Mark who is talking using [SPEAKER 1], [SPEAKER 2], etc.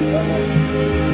[SPEAKER 1] Música